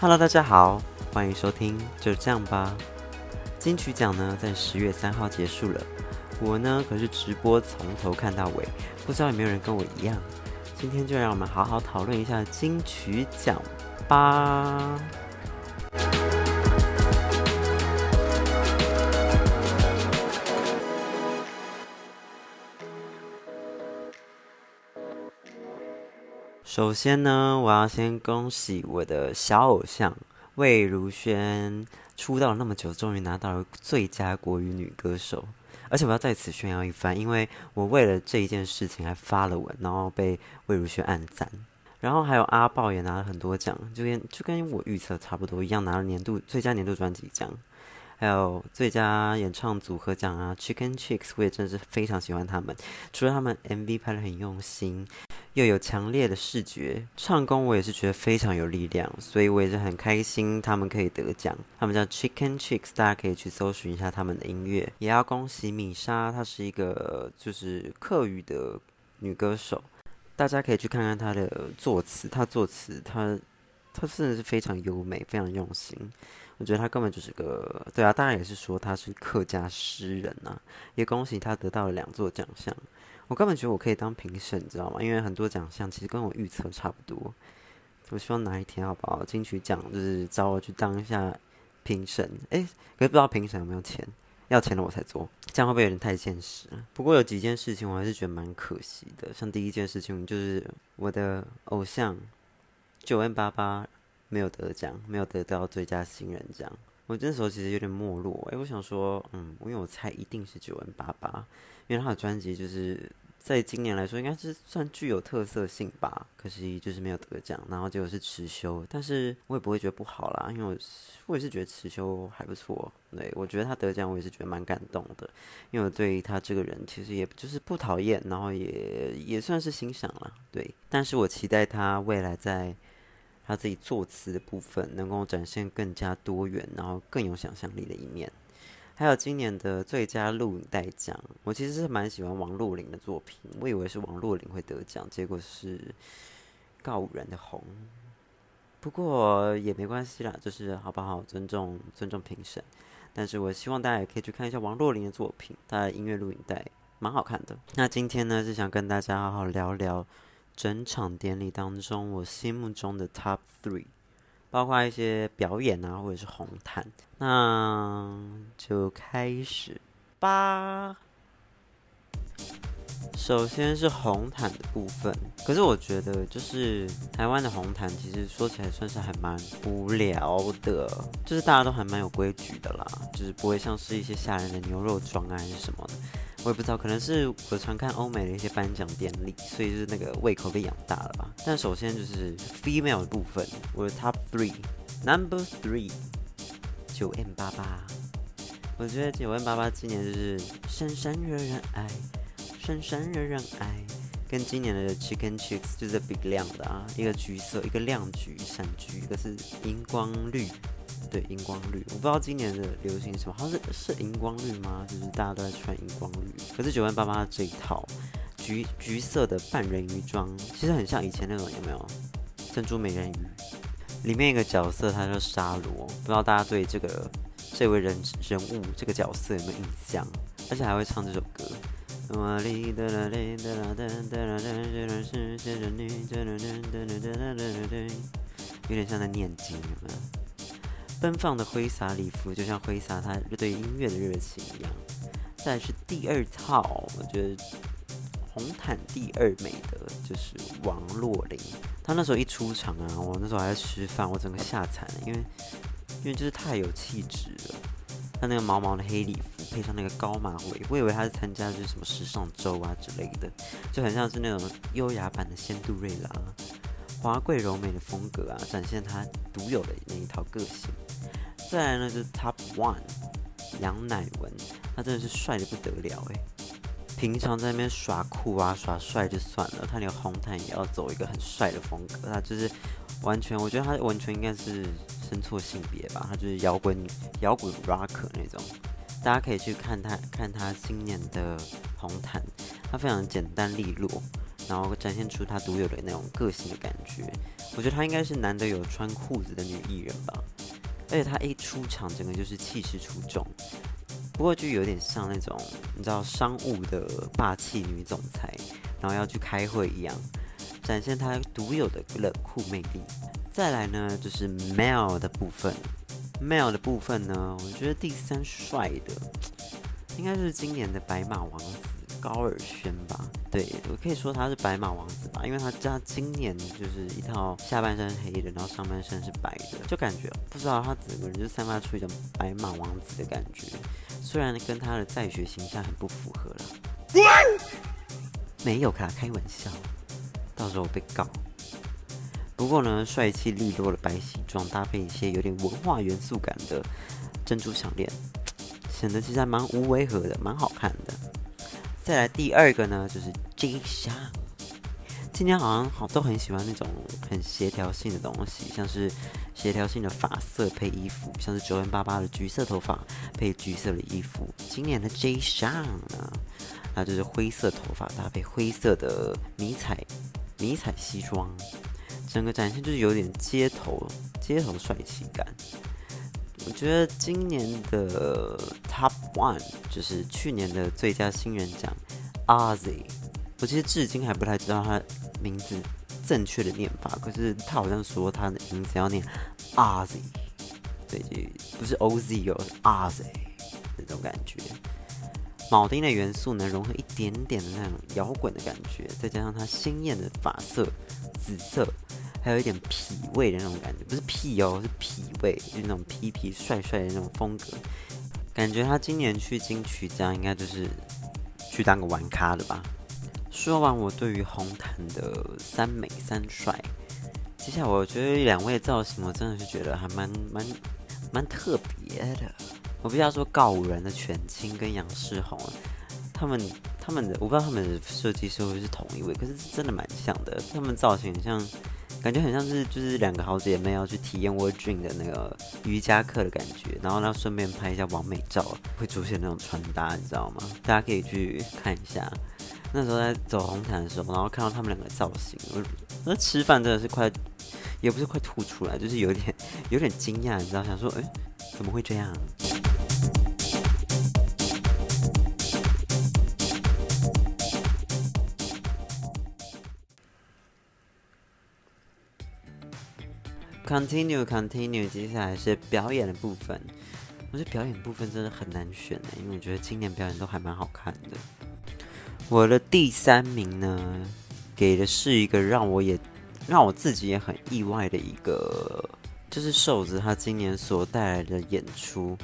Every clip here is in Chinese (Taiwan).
哈嘍，Hello, 大家好，歡迎收聽就這樣吧。金曲獎呢在十月三號結束了，我呢可是直播從頭看到尾，不知道有沒有人跟我一樣？今天就讓我們好好討論一下金曲獎吧。首先呢，我要先恭喜我的小偶像魏如萱出道了那麼久，終於拿到了最佳國語女歌手。而且我要在此炫耀一番，因為我為了這一件事情還發了文，然後被魏如萱按讚。然後還有阿爆也拿了很多獎，就跟就跟我預測差不多一樣，拿了年度最佳年度專輯獎，還有最佳演唱組合獎啊。Chick n Chicks 我也真的是非常喜歡他們，除了他們 MV 拍得很用心。又有強烈的視覺唱功，我也是覺得非常有力量，所以我也是很開心他們可以得獎。他們叫 Chicken Chicks，大家可以去搜尋一下他們的音樂。也要恭喜米莎，她是一個就是客語的女歌手，大家可以去看看她的作詞，她作詞，她她真的是非常優美，非常用心。我覺得她根本就是個，對啊，大家也是說她是客家詩人啊，也恭喜她得到了兩座獎項。我根本覺得我可以當評審，你知道嗎？因為很多獎項其實跟我預測差不多。我希望哪一天好不好？金曲獎就是找我去當一下評審。誒、欸，可是不知道評審有沒有錢？要錢了我才做，這樣會不會有點太現實？不過有幾件事情我還是覺得蠻可惜的。像第一件事情就是我的偶像 9m88 沒有得獎，沒有得到最佳新人獎。我那時候其實有點沒落、欸。誒，我想說，嗯，因為我猜一定是 9m88。因為他的專輯就是在今年來說，應該是算具有特色性吧。可惜就是沒有得獎，然後結果是持修。但是我也不會覺得不好啦，因為我我也是覺得持修還不錯。對，我覺得他得獎，我也是覺得蠻感動的。因為我對於他這個人，其實也就是不討厭，然後也也算是欣賞啦。對，但是我期待他未來在他自己作詞的部分，能夠展現更加多元，然後更有想象力的一面。還有今年的最佳錄影帶獎，我其實是蠻喜歡王若琳的作品，我以為是王若琳會得獎，結果是《告五人的紅》，不過也沒關係啦，就是好不好尊，尊重尊重評審。但是我希望大家也可以去看一下王若琳的作品，她的音樂錄影帶蠻好看的。那今天呢，是想跟大家好好聊聊整場典禮當中我心目中的 Top Three。包括一些表演啊，或者是紅毯，那就開始吧。首先是紅毯的部分，可是我覺得就是台灣的紅毯，其實說起來算是還蠻無聊的，就是大家都還蠻有規矩的啦，就是不會像是一些嚇人的牛肉裝啊，還是什麽的。我也不知道，可能是我常看歐美的一些頒獎典禮，所以就是那個胃口被養大了吧。但首先就是 female 的部分，我的 top three，number three，9M88。我覺得 9M88 今年就是閃閃惹人愛，閃閃惹人愛，跟今年的 Chicken Chicks 就是 big 亮的啊，一個橘色，一個亮橘，閃橘，一個是熒光綠。對，熒光綠，我不知道今年的流行什麼，好像是是熒光綠嗎？就是大家都在穿熒光綠。可是 9m88 這一套，橘橘色的半人魚裝，其實很像以前那種，有沒有？珍珠美人魚裡面一個角色，他叫沙羅，不知道大家對這個這位人人物這個角色有沒有印象？而且還會唱這首歌，有點像在念經，有沒有？奔放的揮灑禮服，就像揮灑他對音樂的熱情一樣。再來是第二套，我覺得紅毯第二美的就是王若琳。她那時候一出場啊，我那時候還在吃飯，我整個嚇慘了，因為因為就是太有氣質了。她那個毛毛的黑禮服，配上那個高馬尾，我以為她是參加就是什麼時尚周啊之類的，就很像是那種優雅版的仙杜瑞拉。華貴柔美的風格啊，展現他獨有的那一套個性。再來呢，就是 Top One 楊乃文，他真的是帥得不得了誒。平常在那邊耍酷啊耍帥就算了，他連紅毯也要走一個很帥的風格，他就是完全，我覺得他完全應該是生錯性別吧，他就是搖滾搖滾 Rocker 那種。大家可以去看他看他今年的紅毯，他非常簡單利落，然後展現出她獨有的那種個性的感覺，我覺得她應該是難得有穿褲子的女藝人吧，而且她一出場，整個就是氣勢出眾。不過就有點像那種你知道商務的霸氣女總裁，然後要去開會一樣，展現她獨有的冷酷魅力。再來呢，就是 male 的部分，male 的部分呢，我覺得第三帥的，應該是今年的白馬王子，高爾宣吧，對，我可以說他是白馬王子吧，因為他家今年就是一套下半身黑的，然後上半身是白的，就感覺不知道他整個人就散發出一種白馬王子的感覺，雖然跟他的在學形象很不符合啦，沒有跟開玩笑，到時候被告。不過呢，帥氣利落的白西裝搭配一些有點文化元素感的珍珠項鏈，顯得其實還蠻無違和的，蠻好看的。再來第二個呢，就是 J.Sheon。今年好像好都很喜歡那種很協調性的東西，像是協調性的髮色配衣服，像是 9m88 的橘色頭髮配橘色的衣服。今年的 J.Sheon 呢、啊，那就是灰色頭髮搭配灰色的迷彩迷彩西裝，整個展現就是有點街頭街頭帥氣感。我覺得今年的 top one 就是去年的最佳新人獎 r z y 我其實至今還不太知道他名字正確的念法，可是他好像說他的名字要念 r z，所以對，不是 OZy，而、哦、是 r z y 那種感覺，鉚釘的元素能融合一點點的那種搖滾的感覺，再加上他鮮豔的髮色，紫色。還有一點痞味的那種感覺，不是屁哦，是痞味，就是、那種痞痞帥帥的那種風格。感覺他今年去金曲獎應該就是去當個玩咖的吧。說完我對於紅毯的三美三帥，接下來我覺得兩位造型，我真的是覺得還蠻蠻蠻特別的。我比較說告五人的犬青跟楊世紅，他們他們的，我不知道他們的設計是不是同一位，可是真的蠻像的，他們造型很像。像感覺很像是就是兩個好姐妹要去體驗 Word Dream 的那個瑜伽課的感覺，然後呢，順便拍一下網美照，會出現那種穿搭，你知道嗎？大家可以去看一下。那時候在走紅毯的時候，然後看到他們兩個造型，那吃飯真的是快，也不是快吐出來，就是有點有點驚訝，你知道想說，哎，怎麼會這樣？Continue，Continue，Continue，接下來是表演的部分。我覺得表演的部分真的很難選呢、欸，因為我覺得今年表演都還蠻好看的。我的第三名呢，給的是一個讓我也讓我自己也很意外的一個，就是瘦子他今年所帶來的演出。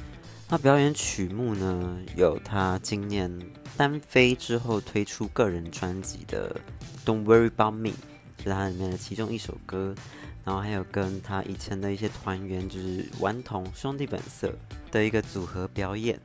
那表演曲目呢，有他今年單飛之後推出個人專輯的《Don't Worry About Me》，就是他裡面的其中一首歌。然後還有跟他以前的一些團員，就是頑童兄弟本色的一個組合表演。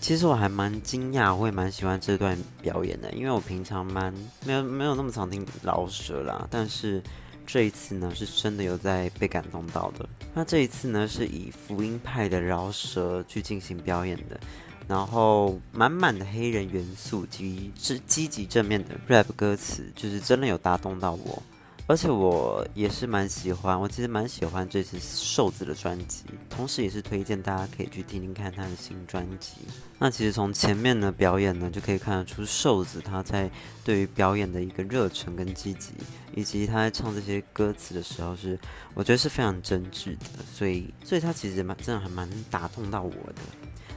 其實我還蠻驚訝，我也蠻喜歡這段表演的，因為我平常蠻沒有沒有那麼常聽饒舌啦。但是這一次呢，是真的有在被感動到的。那這一次呢，是以福音派的饒舌去進行表演的，然後滿滿的黑人元素，就是積極正面的 rap 歌詞，就是真的有打動到我。而且我也是蠻喜歡，我其實蠻喜歡這次瘦子的專輯，同時也是推薦大家可以去聽聽看他的新專輯。那其實從前面的表演呢，就可以看得出瘦子他在對於表演的一個熱忱跟積極，以及他在唱這些歌詞的時候是，我覺得是非常真摯的，所以所以他其實蠻真的還蠻打動到我的。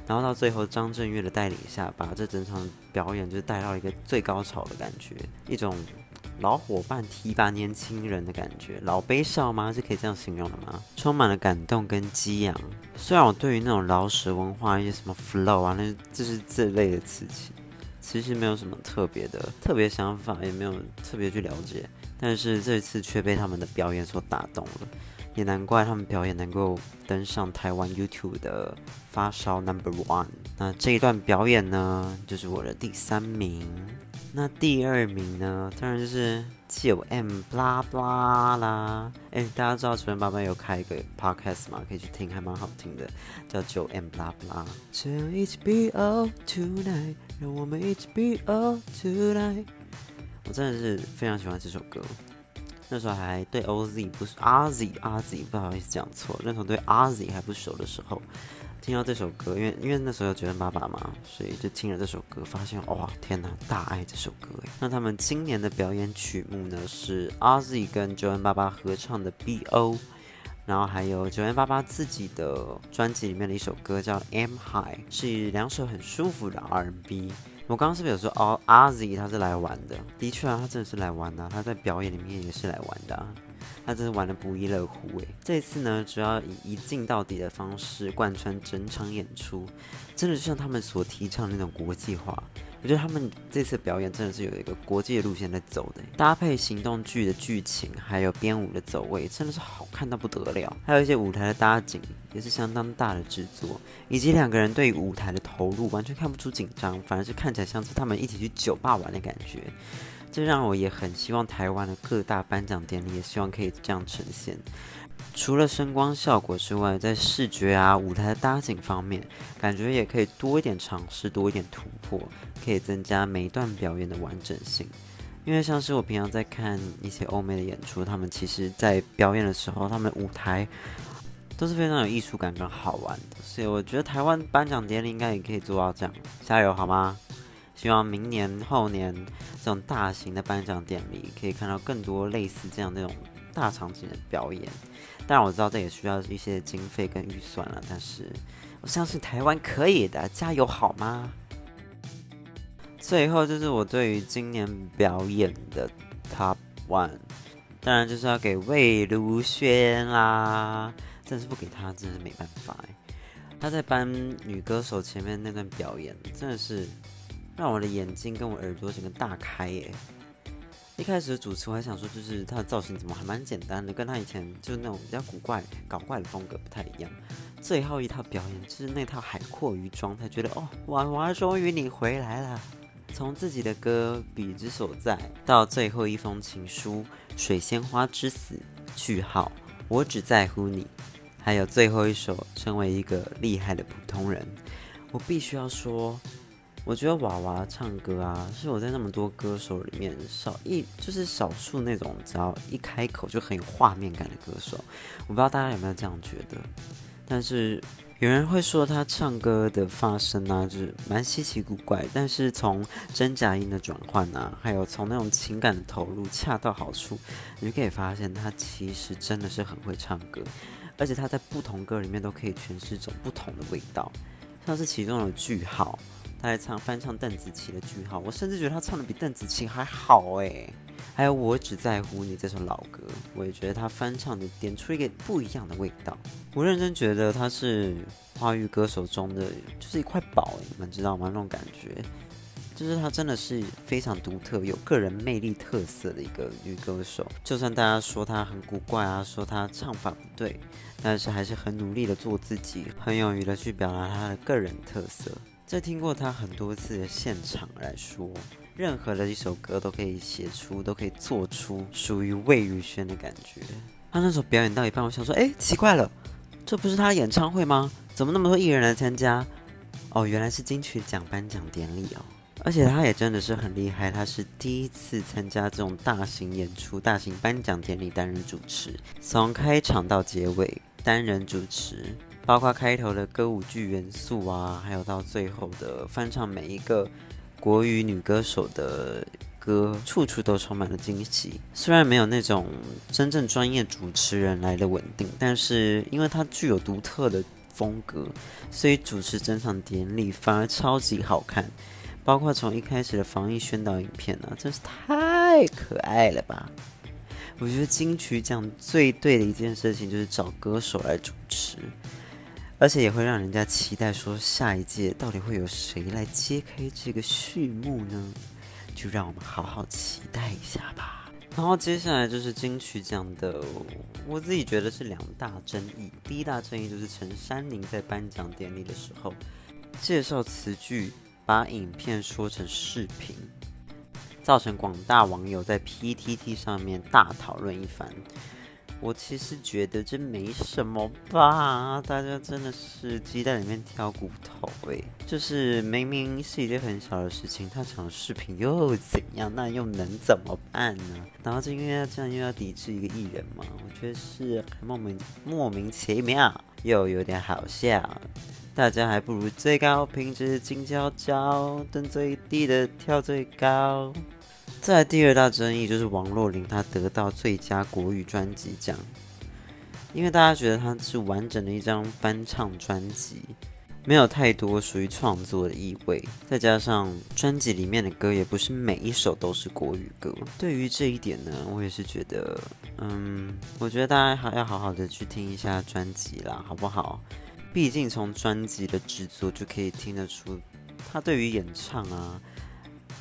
然後到最後張震岳的帶領下，把這整場表演就是帶到一個最高潮的感覺，一種。老夥伴提拔年輕人的感覺，老帶少嗎？是可以這樣形容的嗎？充滿了感動跟激昂。雖然我對於那種饒舌文化一些什麼 flow 啊，那就是這類的詞其實沒有什麼特別的特別想法，也沒有特別去了解。但是這一次卻被他們的表演所打動了，也難怪他們表演能夠登上台灣 YouTube 的發燒 Number One。那這一段表演呢，就是我的第三名。那第二名呢？當然就是 9M88 啦！誒、欸，大家知道昨天媽媽有開一個 podcast 嗎？可以去聽，還蠻好聽的，叫 9M88。讓我們一起 beat all tonight，讓我們一起 beat all tonight。我真的是非常喜歡這首歌，那時候還對 Oz 不是 Oz，Oz 不好意思講錯，那時候對 Oz 還不熟的時候。聽到這首歌，因為因為那時候有 9m88 嘛，所以就聽了這首歌，發現哇天哪，大愛這首歌。那他們今年的表演曲目呢是阿 Z 跟 9m88 合唱的《BO》，然後還有 9m88 自己的專輯裡面的一首歌叫 M《M High》，是兩首很舒服的 R&B。我剛剛是不是有說阿阿 Z 他是來玩的？的確、啊，他真的是來玩的、啊，他在表演裡面也是來玩的、啊。他真是玩的不亦樂乎。這次呢，主要以一鏡到底的方式貫穿整場演出，真的就像他們所提倡的那種國際化。我覺得他們這次表演真的是有一個國際的路線在走的，搭配行動劇的劇情，還有編舞的走位，真的是好看到不得了。還有一些舞台的搭景也是相當大的制作，以及兩個人對於舞台的投入，完全看不出緊張，反而是看起來像是他們一起去酒吧玩的感覺。這讓我也很希望台灣的各大頒獎典禮，也希望可以這樣呈現。除了聲光效果之外，在視覺啊，舞台的搭景方面，感覺也可以多一點嘗試，多一點突破，可以增加每一段表演的完整性。因為像是我平常在看一些歐美的演出，他們其實在表演的時候，他們舞台都是非常有藝術感跟好玩的，所以我覺得台灣頒獎典禮應該也可以做到這樣，加油好嗎？希望明年後年這種大型的頒獎典禮，可以看到更多類似這樣那種大場景的表演。當然我知道這也需要一些經費跟預算了，但是我相信台灣可以的，啊，加油好嗎？最後就是我對於今年表演的 Top One，當然就是要給魏如萱啦，真是不給他，真的是沒辦法，欸、他在頒女歌手前面那段表演，真的是。讓我的眼睛跟我耳朵整個大開耶！一開始的主持我還想說，就是他的造型怎麼還蠻簡單的，跟他以前就是那種比較古怪、搞怪的風格不太一樣。最後一套表演就是那套《海闊魚莊》，他覺得哦，娃娃終於你回來了。從自己的歌《彼之所在》到最後一封情書《水仙花之死》，句號，我只在乎你，還有最後一首《身為一個厲害的普通人》，我必須要說。我覺得娃娃唱歌啊，是我在那麼多歌手裡面少一，就是少數那種只要一開口就很有畫面感的歌手。我不知道大家有沒有這樣覺得，但是有人會說他唱歌的發聲啊，就是蠻稀奇古怪。但是從真假音的轉換啊，還有從那種情感的投入，恰到好處，你就可以發現他其實真的是很會唱歌，而且他在不同歌裡面都可以詮釋一種不同的味道，像是其中的句號。他還唱翻唱鄧紫棋的句號，我甚至覺得他唱的比鄧紫棋還好哎！還有我只在乎你這首老歌，我也覺得他翻唱的點出一個不一樣的味道。我認真覺得他是華語歌手中的就是一塊寶，你們知道嗎？那種感覺，就是他真的是非常獨特、有個人魅力特色的一個女歌手。就算大家說她很古怪啊，說她唱法不對，但是還是很努力的做自己，很勇於的去表達她的個人特色。在聽過他很多次的現場來說，任何的一首歌都可以寫出，都可以做出屬於魏如萱的感覺。他那首表演到一半，我想說，哎，奇怪了，這不是他演唱會嗎？怎麼那麼多藝人來參加？哦，原來是金曲獎頒獎典禮哦。而且他也真的是很厲害，他是第一次參加這種大型演出、大型頒獎典禮，擔任主持，從開場到結尾，單人主持。包括開頭的歌舞劇元素啊，還有到最後的翻唱每一個國語女歌手的歌，處處都充滿了驚喜。雖然沒有那種真正專業主持人來的穩定，但是因為它具有獨特的風格，所以主持整場典禮反而超級好看。包括從一開始的防疫宣導影片呢、啊，真是太可愛了吧！我覺得金曲獎最對的一件事情就是找歌手來主持。而且也會讓人家期待，說下一屆到底會有誰來揭開這個序幕呢？就讓我們好好期待一下吧。然後接下來就是金曲獎的，我自己覺得是兩大爭議。第一大爭議就是陳珊妮在頒獎典禮的時候，介紹詞句把影片說成視頻，造成廣大網友在 PTT 上面大討論一番。我其實覺得這沒什麼吧，大家真的是雞蛋裡面挑骨頭哎、欸，就是明明是一件很小的事情，他搶視頻又怎樣？那又能怎麼辦呢？然後就因為這樣又要抵制一個藝人嘛，我覺得是還莫名莫名其妙，又有點好笑。大家還不如最高品質靜悄悄，蹲最低的跳最高。再來第二大爭議就是王若琳，她得到最佳國語專輯獎，因為大家覺得她是完整的一張翻唱專輯沒有太多屬於創作的意味，再加上專輯裡面的歌也不是每一首都是國語歌。對於這一點呢，我也是覺得，嗯，我覺得大家還要好好的去聽一下專輯啦，好不好？畢竟從專輯的制作就可以聽得出，她對於演唱啊，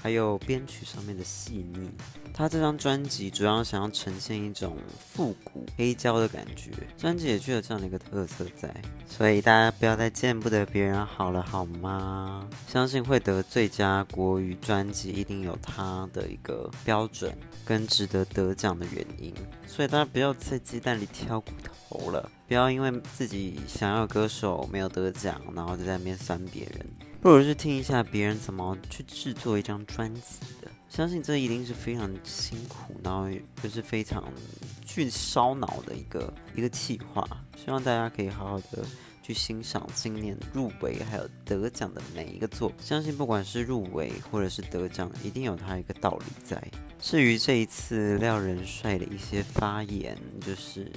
還有編曲上面的細膩，他這張專輯主要想要呈現一種復古黑膠的感覺，專輯也具有這樣的一個特色在，所以大家不要再見不得別人好了，好嗎？相信會得最佳國語專輯一定有他的一個標準跟值得得獎的原因，所以大家不要在雞蛋裡挑骨頭了，不要因為自己想要歌手沒有得獎，然後就在那邊酸別人。或者是聽一下別人怎麼去制作一張專輯的，相信這一定是非常辛苦，然後也是非常去燒腦的一個一個企劃。希望大家可以好好的去欣賞今年入圍還有得獎的每一個作品，相信不管是入圍或者是得獎，一定有它一個道理在。至於這一次廖仁帥的一些發言，就是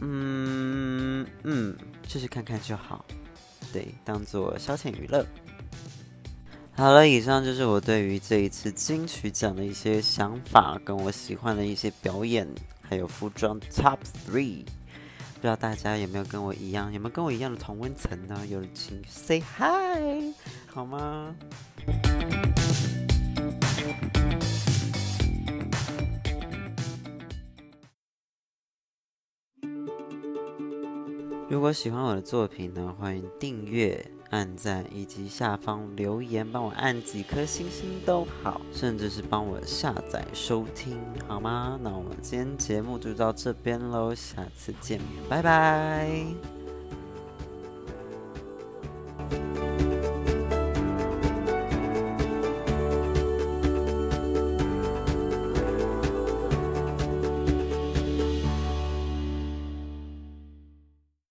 嗯嗯，試、嗯、試、就是、看看就好。對，當做消遣娛樂。好了，以上就是我對於這一次金曲獎的一些想法，跟我喜歡的一些表演，還有服裝 Top Three。不知道大家有沒有跟我一樣，有沒有跟我一樣的同溫層呢？有請 Say Hi 好嗎？如果喜歡我的作品呢，歡迎訂閱、按贊以及下方留言，幫我按幾顆星星都好，甚至是幫我下載收聽，好嗎？那我們今天節目就到這邊嘍，下次見面，拜拜。